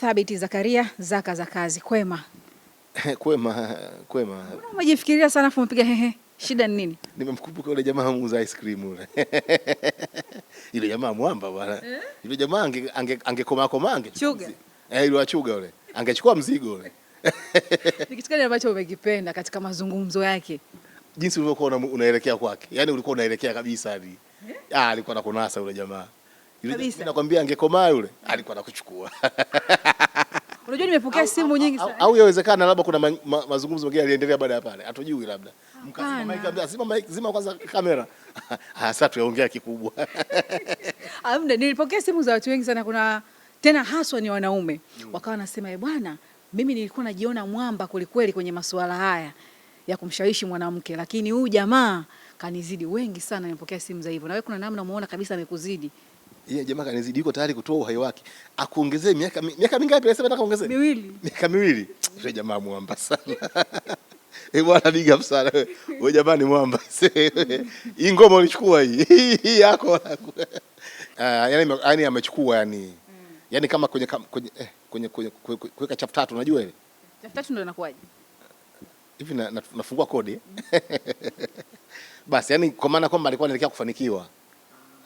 Thabiti Zakaria zaka za kazi kwema. Kwema, kwema. Umejifikiria sana afu umepiga hehe. Shida ni nini? Nimemkumbuka yule jamaa muuza ice cream yule. Yule jamaa mwamba bwana. Eh? Yule jamaa ange ange angekoma koma ange. Chuga. Eh, yule achuga yule. Angechukua mzigo yule. Ni kitu gani ambacho umekipenda katika mazungumzo yake? Jinsi ulivyokuwa unaelekea kwake. Yani ulikuwa unaelekea kabisa hadi. Eh? Ah, alikuwa anakunasa yule jamaa. Nakwambia angekomaa yule alikuwa anakuchukua. Unajua nimepokea simu nyingi sana. Au yawezekana labda kuna ma, ma, mazungumzo mengine yaliendelea baada ya pale. Hatujui labda. Mkazima zima kwanza kamera. Sasa tuyaongea kikubwa. Amna nilipokea simu za watu wengi sana kuna tena haswa ni wanaume. Mm. Wakawa nasema, "Eh bwana, mimi nilikuwa najiona mwamba kwelikweli kwenye masuala haya ya kumshawishi mwanamke, lakini huyu jamaa kanizidi." Wengi sana nilipokea simu za hivyo. Na wewe kuna namna umeona kabisa amekuzidi yeye jamaa kanizidi, yuko tayari kutoa uhai wake akuongezee miaka miaka mingapi? Anasema nataka kuongezea miwili, miaka miwili. Yule jamaa mwamba sana eh bwana, big up sana wewe. Wewe jamaa ni mwamba hii ngoma ulichukua hii hii yako ah, yani, yani amechukua yani mm. yani kama kwenye kwenye eh, kwenye kuweka chapter tatu, unajua ile chapter tatu ndio inakuwaje hivi, na, nafungua kodi mm. basi, yani kwa maana kwamba alikuwa anaelekea kufanikiwa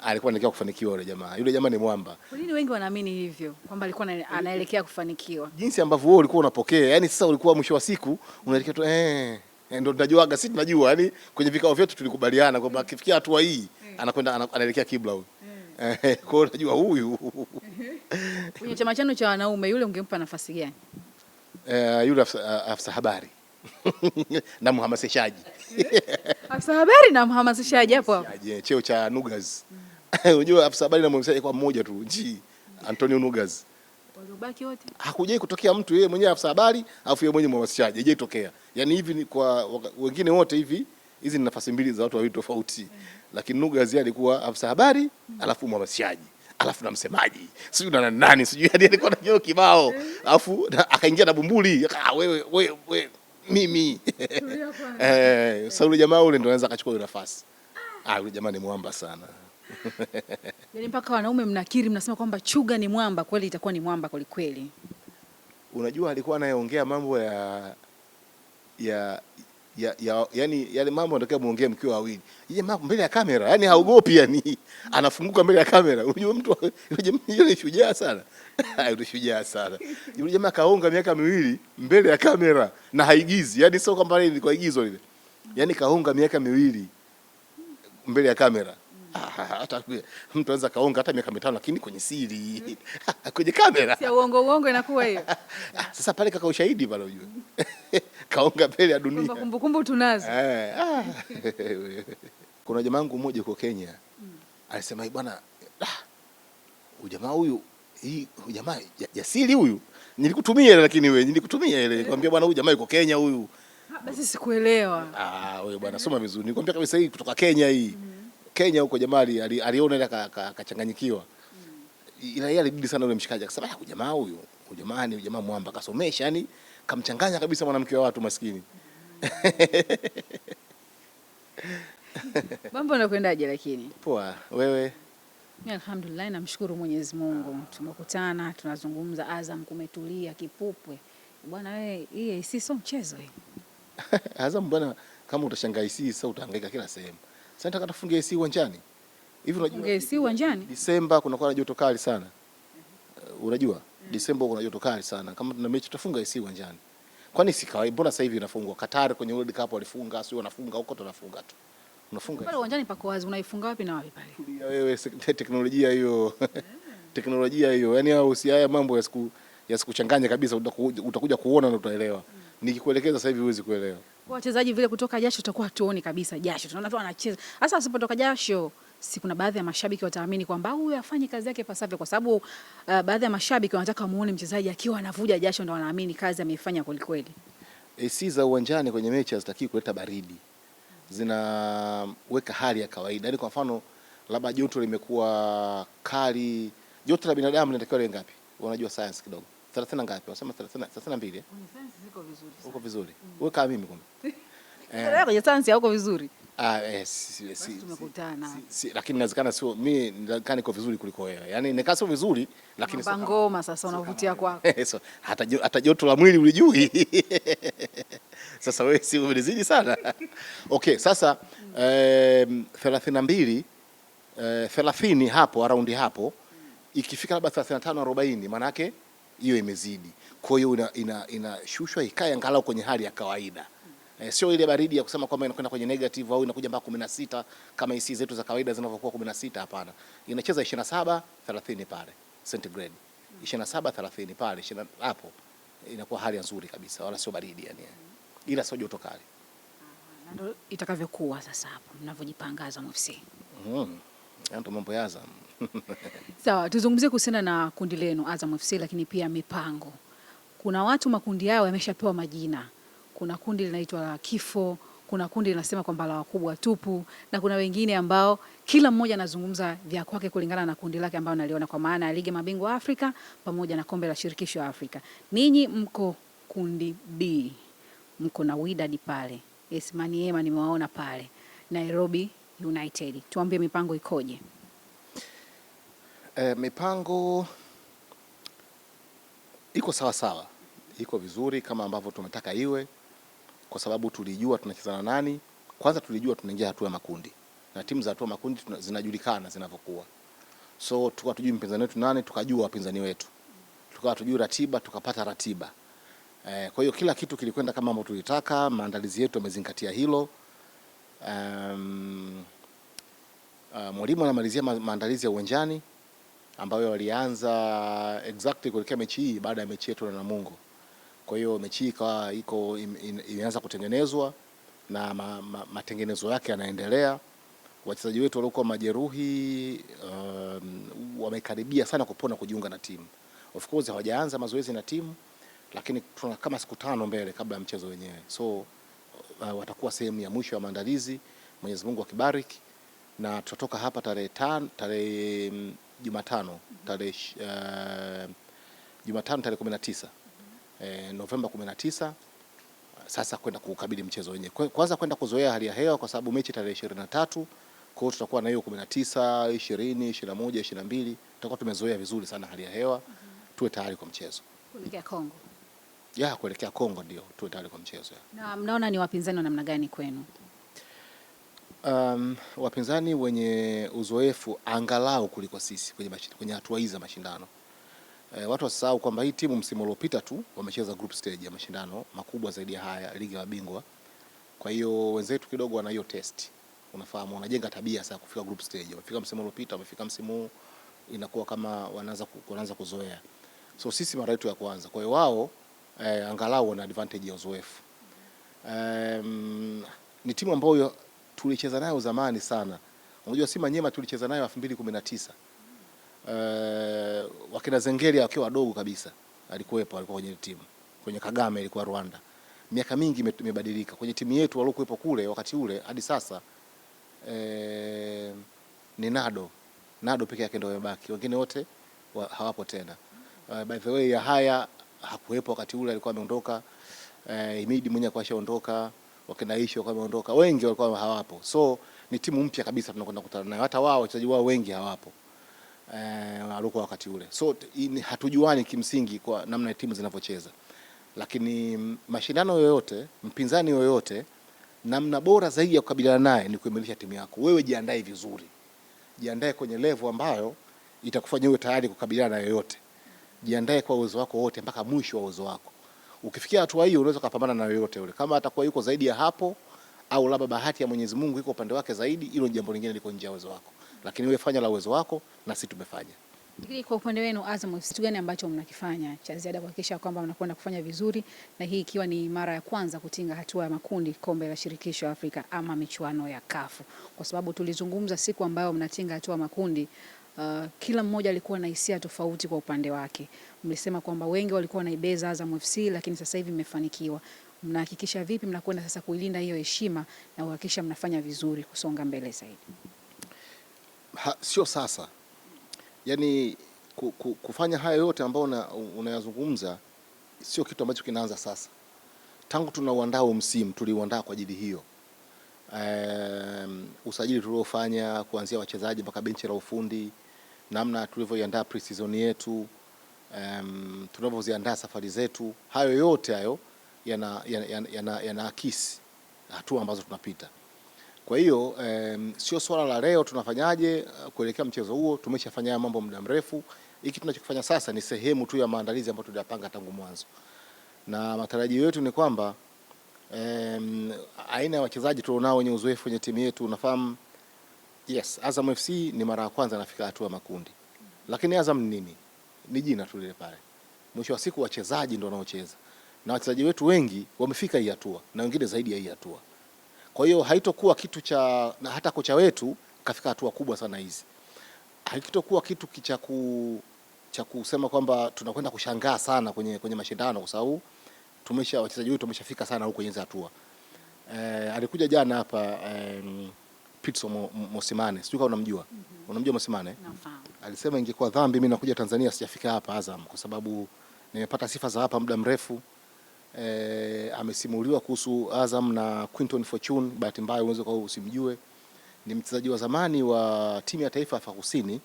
alikuwa anaelekea kufanikiwa yule jamaa. Yule jamaa ni mwamba. Kwa nini wengi wanaamini hivyo kwamba alikuwa anaelekea kufanikiwa? Jinsi ambavyo wewe ulikuwa unapokea, yani sasa ulikuwa mwisho wa siku unaelekea tu eh, eh ndio tunajuaga, si tunajua, yani kwenye vikao vyetu tulikubaliana kwamba akifikia hatua hii eh. anakwenda anaelekea kibla huyu. Eh. Kwa hiyo unajua huyu. Kwenye chama chenu cha wanaume yule ungempa nafasi gani? Eh, yule afisa, habari na mhamasishaji. Afisa habari na mhamasishaji hapo hapo. Cheo cha Nugas. Mm. unajua afisa habari namwambia kwa mmoja tu G Antonio Nugas waliobaki wote hakujai kutokea mtu, yeye mwenyewe afisa habari afu yeye mwenyewe mwasilishaji, haijai tokea. Yani hivi ni kwa wengine wote hivi, hizi ni nafasi mbili za watu wawili tofauti, mm. lakini Nugas alikuwa afisa habari mm. alafu mwasilishaji alafu na msemaji sijui na nani sijui, yani alikuwa na joki kibao, eh. alafu akaingia na bumbuli, ah, wewe wewe wewe mimi eh, sasa yule jamaa yule ndo anaweza akachukua nafasi. Ah, yule jamaa ni mwamba sana. Yaani mpaka wanaume mnakiri, mnasema kwamba Chuga ni mwamba. Kweli itakuwa ni mwamba kweli kweli. Unajua alikuwa anayeongea mambo ya ya ya, ya yani yale mambo anatokea muongee mkiwa wawili. Yeye mambo mbele ya kamera, yani haogopi yani. Anafunguka mbele ya kamera. Unajua mtu yule shujaa sana. Yule shujaa sana. Yule jamaa kaonga miaka miwili mbele ya kamera na haigizi. Yani sio kwamba ile ilikuwa igizo lile. Yani kaonga miaka miwili mbele ya kamera. hata mtu anaweza kaonga hata miaka mitano, lakini kwenye siri, kwenye kamera, si uongo. Uongo inakuwa hiyo. Sasa pale kaka, ushahidi pale, unajua kaonga mbele ya dunia, kumbukumbu tunazo. Eh, ah. Kuna jamaa wangu mmoja huko Kenya mm. alisema bwana, ah, ujamaa huyu, hii jamaa jasiri huyu, nilikutumia ile, lakini wewe, nilikutumia ile, nikwambia bwana, huyu jamaa yuko Kenya huyu. Ah, basi sikuelewa. Ah, wewe bwana, soma vizuri, nikwambia kabisa, hii kutoka Kenya hii mm. Kenya huko jamaa aliona ile akachanganyikiwa. Ila yeye alibidi sana yule mshikaji akasema, ah, ya jamaa huyu, jamaa ni jamaa mwamba kasomesha, yani kamchanganya kabisa mwanamke wa watu maskini." Mambo yanakwendaje lakini? Poa, wewe? Mimi alhamdulillah namshukuru Mwenyezi Mungu. Tumekutana, tunazungumza Azam kumetulia kipupwe. Bwana wewe, hii si so mchezo hii. Azam bwana, kama utashangaa hii sasa utahangaika kila sehemu. Sasa tufunge AC uwanjani. Hivi unajua AC uwanjani? Disemba kunakuwa na joto kali sana. Uh, unajua? Mm. Disemba kuna joto kali sana. Kama tuna mechi tutafunga AC uwanjani. Kwani si kawaida, mbona sasa hivi inafungwa? Qatar kwenye World Cup walifunga, sio wanafunga huko tunafunga tu. Unafunga. Pale uwanjani pako wazi, unaifunga wapi na wapi pale? Wewe teknolojia hiyo. Teknolojia hiyo. Yaani au si haya mambo ya siku ya sikuchanganya kabisa, utakuja kuona na utaelewa. Mm. Nikikuelekeza sasa hivi huwezi kuelewa. Kwa wachezaji vile kutoka jasho tutakuwa tuoni kabisa jasho. Tunaona tu anacheza. Sasa asipotoka jasho, si kuna baadhi ya mashabiki wataamini kwamba huyu afanye kazi yake pasavyo kwa sababu uh, baadhi ya mashabiki wanataka muone mchezaji akiwa anavuja jasho ndio wanaamini kazi ameifanya kweli kweli. AC za uwanjani kwenye mechi hazitakii kuleta baridi. Zinaweka hali ya kawaida. Yani kwa mfano labda joto limekuwa kali, joto la binadamu linatakiwa liwe ngapi? Unajua science kidogo. 30 na ngapi? Unasema 30 na 32 uko vizuri wewe kama mimi kumbe. Eh, Wewe eh. kwenye yaani sayansi hauko vizuri. Ah, eh, si, si, si, tumekutana. Si, si, lakini inawezekana sio mimi ndio niko vizuri kuliko wewe. Yaani nikaa sio vizuri lakini sasa ngoma sasa unavutia kwako. So, hata hata joto la mwili ulijui. Sasa wewe si umenizidi sana. Okay, sasa eh, 32 eh, 30 hapo around hapo ikifika labda 35 40 maana yake hiyo imezidi. Kwa hiyo inashushwa ina, ina ikae angalau kwenye hali ya kawaida e, sio ile baridi ya kusema kwamba inakwenda kwenye negative au inakuja mpaka 16 kama hisi zetu za kawaida zinavyokuwa 16. Hapana, inacheza 27 30 pale centigrade 27 30 pale hapo inakuwa hali nzuri kabisa, wala sio baridi yani, ila sio joto kali ndio itakavyokuwa sasa hapo mnavyojipangaza MFC. Mm. Mm-hmm. Ndio mambo ya Azam. Sawa, tuzungumzie kuhusiana na kundi lenu Azam FC, lakini pia mipango. Kuna watu makundi yao yameshapewa majina. Kuna kundi linaitwa kifo, kuna kundi linasema kwamba la wakubwa tupu, na kuna wengine ambao kila mmoja anazungumza vya kwake kulingana na kundi lake ambao naliona, kwa maana ya ligi mabingwa Afrika pamoja na kombe la shirikisho Afrika. Ninyi mko kundi B, mko na Wydad pale, Esmaniema nimewaona pale, Nairobi United. Tuambie mipango ikoje? E, mipango iko sawa sawa, iko vizuri kama ambavyo tumetaka iwe, kwa sababu tulijua tunacheza na nani. Kwanza tulijua tunaingia hatua ya makundi na timu za hatua makundi zinajulikana zinavyokuwa, so tukawa tujui mpinzani wetu nani, tukajua wapinzani wetu, tukawa tujui ratiba, tukapata ratiba e. Kwa hiyo kila kitu kilikwenda kama ambavyo tulitaka, maandalizi yetu yamezingatia hilo. Um, uh, mwalimu anamalizia maandalizi ya uwanjani ambayo walianza exactly kuelekea mechi hii baada ya mechi yetu na Namungo. Kwa hiyo mechi hii ikawa iko imeanza kutengenezwa na ma, ma, matengenezo yake yanaendelea. Wachezaji wetu waliokuwa majeruhi um, wamekaribia sana kupona kujiunga na timu. Of course hawajaanza mazoezi na timu, lakini tuna kama siku tano mbele kabla ya mchezo wenyewe, so uh, watakuwa sehemu ya mwisho ya maandalizi. Mwenyezi Mungu akibariki, na tutatoka hapa tarehe tano tarehe mm, Jumatano tarehe uh, Jumatano tarehe 19 mm -hmm. eh, Novemba 19 sasa kwenda kukabili mchezo wenyewe. Kwanza kwenda kuzoea hali ya hewa kwa sababu mechi tarehe 23 kwa hiyo tutakuwa na hiyo 19, 20, 21, 22 tutakuwa tumezoea vizuri sana hali ya hewa mm -hmm. Tuwe tayari kwa mchezo kuelekea Kongo. Ya, kuelekea Kongo ndio tuwe tayari kwa mchezo. Na mnaona ni wapinzani wa namna gani kwenu? um, wapinzani wenye uzoefu angalau kuliko sisi kwenye, kwenye hatua hizi za mashindano e, watu wasahau kwamba hii timu msimu uliopita tu wamecheza group stage ya mashindano makubwa zaidi ya haya ligi ya mabingwa. Kwa hiyo wenzetu kidogo wana hiyo test, unafahamu, wanajenga tabia sasa kufika group stage. Wamefika msimu uliopita, wamefika msimu inakuwa kama wanaanza kuanza kuzoea. So sisi mara yetu ya kwanza, kwa hiyo wao eh, angalau wana advantage ya uzoefu. Um, ni timu ambayo tulicheza nayo zamani sana. Unajua Simba Nyema tulicheza nayo 2019. Uh, eh, wakina Zengeli wakiwa wadogo kabisa alikuwepo, alikuwa kwenye timu kwenye Kagame ilikuwa Rwanda. Miaka mingi imebadilika kwenye timu yetu waliokuwepo kule wakati ule hadi sasa eh, ni Nado Nado peke yake ndio amebaki, wengine wote wa, hawapo tena. Uh, by the way ya haya hakuwepo wakati ule alikuwa ameondoka. Eh, Imidi mwenye kwa ashaondoka wakina Aisha wameondoka, wengi walikuwa hawapo, so ni timu mpya kabisa tunakwenda kukutana nayo, hata wao wachezaji wao wengi hawapo eh, walikuwa wakati ule, so in, hatujuani kimsingi kwa namna timu zinavyocheza, lakini mashindano yoyote, mpinzani yoyote, namna bora zaidi ya kukabiliana naye ni kuimarisha timu yako. Wewe jiandae vizuri, jiandae kwenye levu ambayo itakufanya uwe tayari kukabiliana na yoyote. Jiandae kwa uwezo wako wote mpaka mwisho wa uwezo wako. Ukifikia hatua hiyo, unaweza kupambana na yoyote yule, kama atakuwa yuko zaidi ya hapo au labda bahati ya Mwenyezi Mungu iko upande wake zaidi, hilo jambo lingine liko nje ya uwezo wako, lakini wewe fanya la uwezo wako na sisi tumefanya. Ili kwa upande wenu Azam FC, kitu gani ambacho mnakifanya cha ziada kuhakikisha kwamba mnakwenda kufanya vizuri, na hii ikiwa ni mara ya kwanza kutinga hatua ya makundi kombe la shirikisho Afrika ama michuano ya kafu? Kwa sababu tulizungumza siku ambayo mnatinga hatua makundi uh, kila mmoja alikuwa na hisia tofauti kwa upande wake. Mlisema kwamba wengi walikuwa wanaibeza Azam FC, lakini sasa hivi imefanikiwa. Mnahakikisha vipi mnakwenda sasa kuilinda hiyo heshima na kuhakikisha mnafanya vizuri kusonga mbele zaidi? Ha, sio sasa, yaani kufanya haya yote ambayo unayazungumza sio kitu ambacho kinaanza sasa. Tangu tunauandaa msimu tuliuandaa kwa ajili hiyo um, usajili tuliofanya kuanzia wachezaji mpaka benchi la ufundi, namna tulivyoiandaa pre-season yetu, um, tunavyoziandaa safari zetu, hayo yote hayo yanaakisi yana, yana, yana, yana hatua ambazo tunapita. Kwa hiyo um, sio swala la leo tunafanyaje kuelekea mchezo huo, tumeshafanya mambo muda mrefu. Hiki tunachokifanya sasa ni sehemu tu ya maandalizi ambayo tuliyapanga tangu mwanzo, na matarajio yetu ni kwamba um, aina ya wachezaji tulionao wenye uzoefu kwenye timu yetu. Unafahamu, yes, Azam FC ni mara ya kwanza nafika hatua makundi, lakini Azam ni nini? Ni jina tu lile pale. Mwisho wa siku wachezaji ndio wanaocheza na wachezaji wetu wengi wamefika hii hatua na wengine zaidi ya hii hatua. Kwa hiyo haitokuwa kitu cha na hata kocha wetu kafika hatua kubwa sana hizi, haitokuwa kitu cha ku cha kusema kwamba tunakwenda kushangaa sana kwenye, kwenye mashindano kwa sababu tumesha wachezaji wetu wameshafika sana huko kwenye hatua. Eh, alikuja jana hapa eh, Pitso Mosimane, sijui kama unamjua. mm -hmm. Unamjua Mosimane? Nafahamu. Alisema ingekuwa dhambi mimi nakuja Tanzania sijafika hapa Azam kwa sababu nimepata sifa za hapa muda mrefu. Eh, amesimuliwa kuhusu Azam na Quinton Fortune, bahati mbaya unaweza kwa usimjue. Ni mchezaji wa zamani wa timu ya taifa Afrika Kusini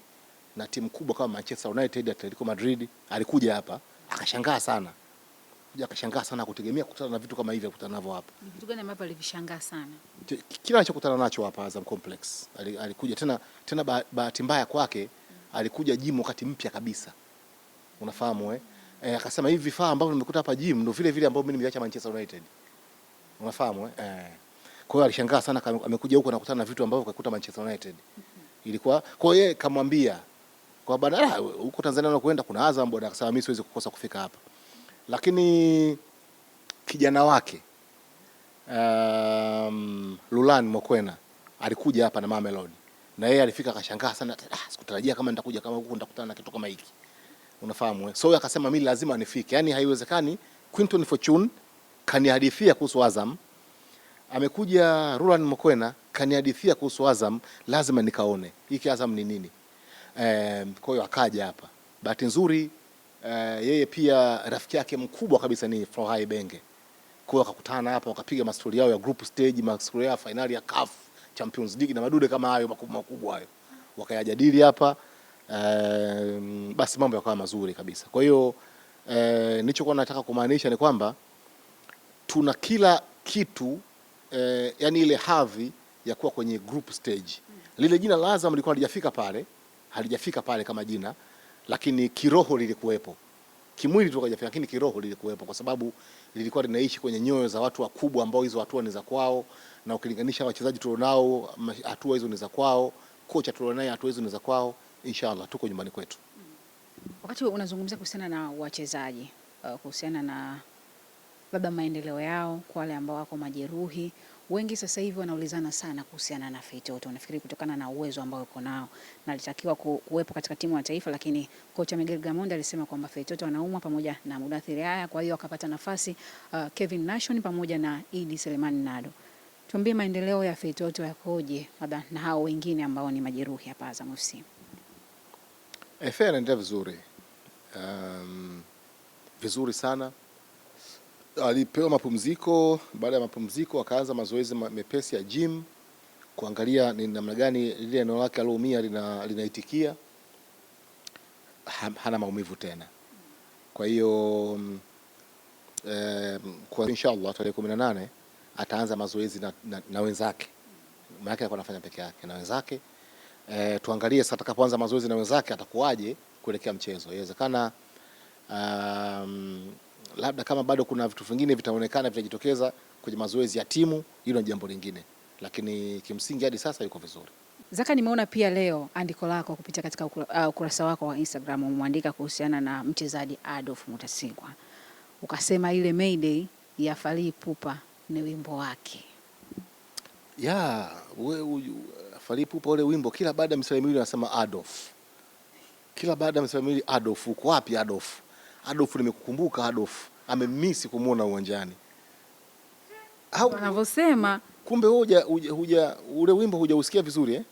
na timu kubwa kama Manchester United, Atletico Madrid, alikuja hapa akashangaa sana akakuja akashangaa sana kutegemea kukutana na vitu kama hivi akutana navyo hapa. Ni kitu gani ambavyo alivishangaa sana? Kila anachokutana nacho hapa Azam Complex. Alikuja tena tena, bahati mbaya kwake alikuja jimu wakati mpya kabisa. Unafahamu eh? E, akasema hivi vifaa ambavyo nimekuta hapa jimu ndio vile vile ambavyo mimi nimeacha Manchester United. Unafahamu eh? Eh. Kwa hiyo alishangaa sana amekuja huko nakutana na vitu ambavyo kakuta Manchester United. Mhm. Ilikuwa kwa hiyo yeye kamwambia kwa bana ah, huko Tanzania unakoenda kuna Azam bwana, akasema mimi siwezi kukosa kufika hapa lakini kijana wake um, Lulan Mokwena alikuja hapa na Mamelodi na yeye alifika akashangaa sana, ah, sikutarajia kama nitakuja kama huku nitakutana na kitu kama hiki, unafahamu eh? So akasema mimi lazima nifike, yani haiwezekani. Quinton Fortune kanihadithia kuhusu Azam, amekuja Lulan Mokwena kanihadithia kuhusu Azam, lazima nikaone hiki Azam ni nini. Um, kwa hiyo akaja hapa, bahati nzuri Eh, yeye pia rafiki yake mkubwa kabisa ni Frohai Benge. Kwa hiyo wakakutana hapa wakapiga mastori yao ya group stage, mastori ya finali ya CAF Champions League na madude kama hayo makubwa makubwa hayo. Wakayajadili hapa um, basi mambo yakawa mazuri kabisa. Kwa hiyo uh, nilichokuwa nataka kumaanisha ni kwamba tuna kila kitu eh, yani ile hadhi ya kuwa kwenye group stage. Lile jina la Azam lilikuwa halijafika pale, halijafika pale kama jina lakini kiroho lilikuwepo. Kimwili kajafika, lakini kiroho lilikuwepo, kwa sababu lilikuwa linaishi kwenye nyoyo za watu wakubwa ambao hizo hatua ni za kwao, na ukilinganisha wachezaji tulionao, hatua hizo ni za kwao, kocha tulionaye, hatua hizo ni za kwao. Inshallah tuko nyumbani kwetu. Wakati unazungumzia kuhusiana na wachezaji, uh, kuhusiana na labda maendeleo yao, kwa wale ambao wako majeruhi Wengi sasa hivi wanaulizana sana kuhusiana na Feitoto. unafikiri kutokana na uwezo ambao uko nao na alitakiwa kuwepo katika timu ya taifa, lakini kocha Miguel Gamondi alisema kwamba Feitoto anaumwa pamoja na Mudathiri haya kwa hiyo akapata nafasi uh, Kevin Nation pamoja na Idi Selemani Nado. Tuambie maendeleo ya Feitoto yakoje, labda na hao wengine ambao ni majeruhi hapa Azam FC. Anaendelea vizuri, um, vizuri sana alipewa mapumziko. Baada ya mapumziko, akaanza mazoezi mepesi ya gym kuangalia ni namna gani lile eneo lake aloumia lina, linaitikia. Hana maumivu tena. Kwa hiyo mm, eh, kwa inshallah tarehe kumi na nane ataanza mazoezi na, na, na wenzake, maana yake anafanya peke yake na wenzake eh, tuangalie sasa atakapoanza mazoezi na wenzake atakuwaje kuelekea mchezo. Inawezekana um, labda kama bado kuna vitu vingine vitaonekana vitajitokeza kwenye mazoezi ya timu, hilo ni jambo lingine, lakini kimsingi hadi sasa yuko vizuri. Zaka, nimeona pia leo andiko lako kupitia katika uh, ukurasa wako wa Instagram umeandika kuhusiana na mchezaji Adolf Mutasingwa, ukasema ile Mayday ya Fally Pupa ni wimbo wake. Ya, Fally Pupa ule wimbo kila baada ya misamiwili anasema Adolf, kila baada ya misamiwili Adolf, uko wapi Adolf? Adolf, nimekukumbuka Adolf, amemisi kumwona uwanjani au wanavyosema. Kumbe wewe huja ule wimbo hujausikia vizuri eh?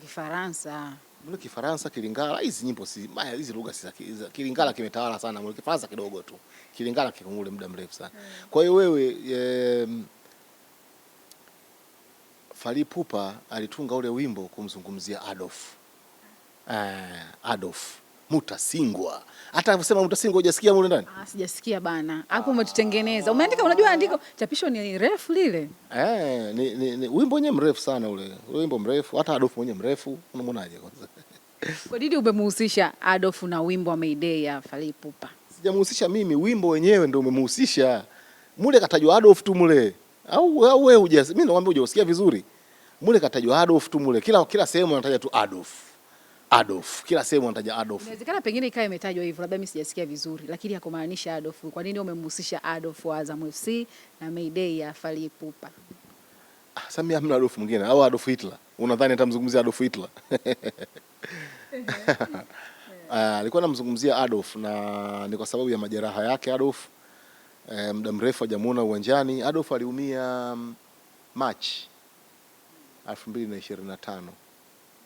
Kifaransa mbona Kifaransa, Kilingala, hizi nyimbo si maya, hizi lugha si Kilingala kimetawala sana mbona Kifaransa kidogo tu, Kilingala kiko mule muda mrefu sana. Hmm. Kwa hiyo wewe e, Fally Ipupa alitunga ule wimbo kumzungumzia Adolf, eh, Adolf Mutasingwa. Hata kusema Mutasingwa hujasikia mule ndani? Ah, sijasikia bana. Hapo umetutengeneza. Umeandika, unajua andiko chapisho ni refu lile. Eh, ni, ni, ni wimbo wenyewe mrefu sana ule. Ule wimbo mrefu, hata Adolf mwenyewe mrefu. Unamwonaje kwanza? Kwa nini umemhusisha Adolf na wimbo wa Mayday ya Falipupa? Sijamhusisha mimi, wimbo wenyewe ndio umemhusisha. Mule katajwa Adolf tu mule. Au au wewe hujasikia? Mimi nakwambia hujasikia vizuri. Mule katajwa Adolf tu mule. Kila kila sehemu anataja tu Adolf. Adolf. Kila sehemu anataja Adolf. Inawezekana pengine ikawa imetajwa hivyo, labda mimi sijasikia vizuri, lakini hakumaanisha Adolf. Kwa nini umemhusisha Adolf wa Azam FC na Mayday ya Fally Ipupa? Ah, Samia hamna Adolf mwingine au Adolf Hitler. Unadhani atamzungumzia Adolf Hitler? Ah, alikuwa anamzungumzia Adolf na ni kwa sababu ya majeraha yake Adolf. E, muda mrefu hajamuona uwanjani. Adolf aliumia mm, Machi 2025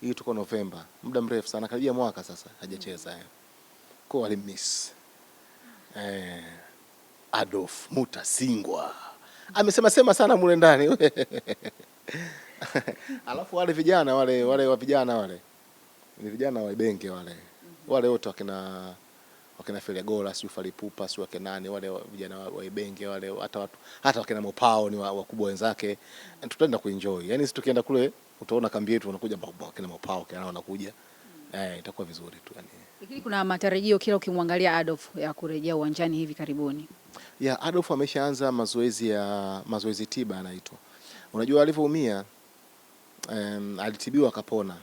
hii tuko Novemba, muda mrefu sana, karibia mwaka sasa hajacheza. mm. Kwa walimmiss eh, Adolf Mutasingwa amesema sema sana mule ndani alafu wale vijana wale wale wa vijana wale ni vijana wa Ibenge wale wale wote wakina wakina Gola si Pupa si wake nani wale vijana wa Ibenge wale hata watu hata wakina Mopao ni wakubwa wa wenzake, tutaenda kuenjoy yani, sisi tukienda kule utaona kambi yetu wanakuja kina mapao kana wanakuja mm. Eh, itakuwa vizuri tu yani. Lakini kuna matarajio kila ukimwangalia Adolf ya kurejea uwanjani hivi karibuni. Ya Adolf ameshaanza mazoezi ya mazoezi tiba anaitwa. Unajua alivyoumia um, alitibiwa akapona.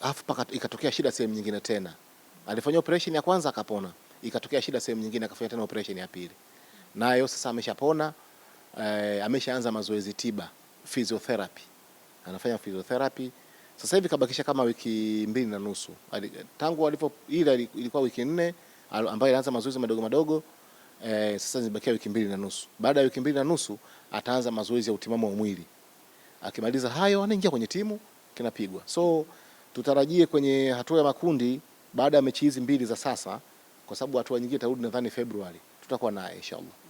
Afu ikatokea shida sehemu nyingine tena. Alifanya operation ya kwanza akapona. Ikatokea shida sehemu nyingine akafanya tena operation ya pili. Nayo sasa ameshapona. Eh, ameshaanza mazoezi tiba physiotherapy, anafanya physiotherapy sasa hivi kabakisha kama wiki mbili na nusu tangu alipo, ile ilikuwa wiki nne ambayo ilianza mazoezi madogo madogo e, sasa zimebakia wiki mbili na nusu. Baada ya wiki mbili na nusu ataanza mazoezi ya utimamu wa mwili, akimaliza hayo anaingia kwenye timu kinapigwa. So tutarajie kwenye hatua ya makundi baada ya mechi hizi mbili za sasa, kwa sababu hatua nyingine tarudi nadhani Februari, tutakuwa naye inshallah.